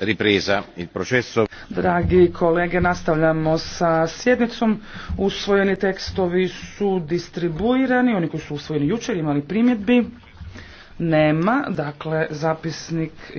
ripresa il processo Dragi kolege, nastavljamo sa sjednicom. Usvojeni tekstovi su distribuirani, oni koji su usvojeni jučer imali primjedbi. Nema, dakle zapisnik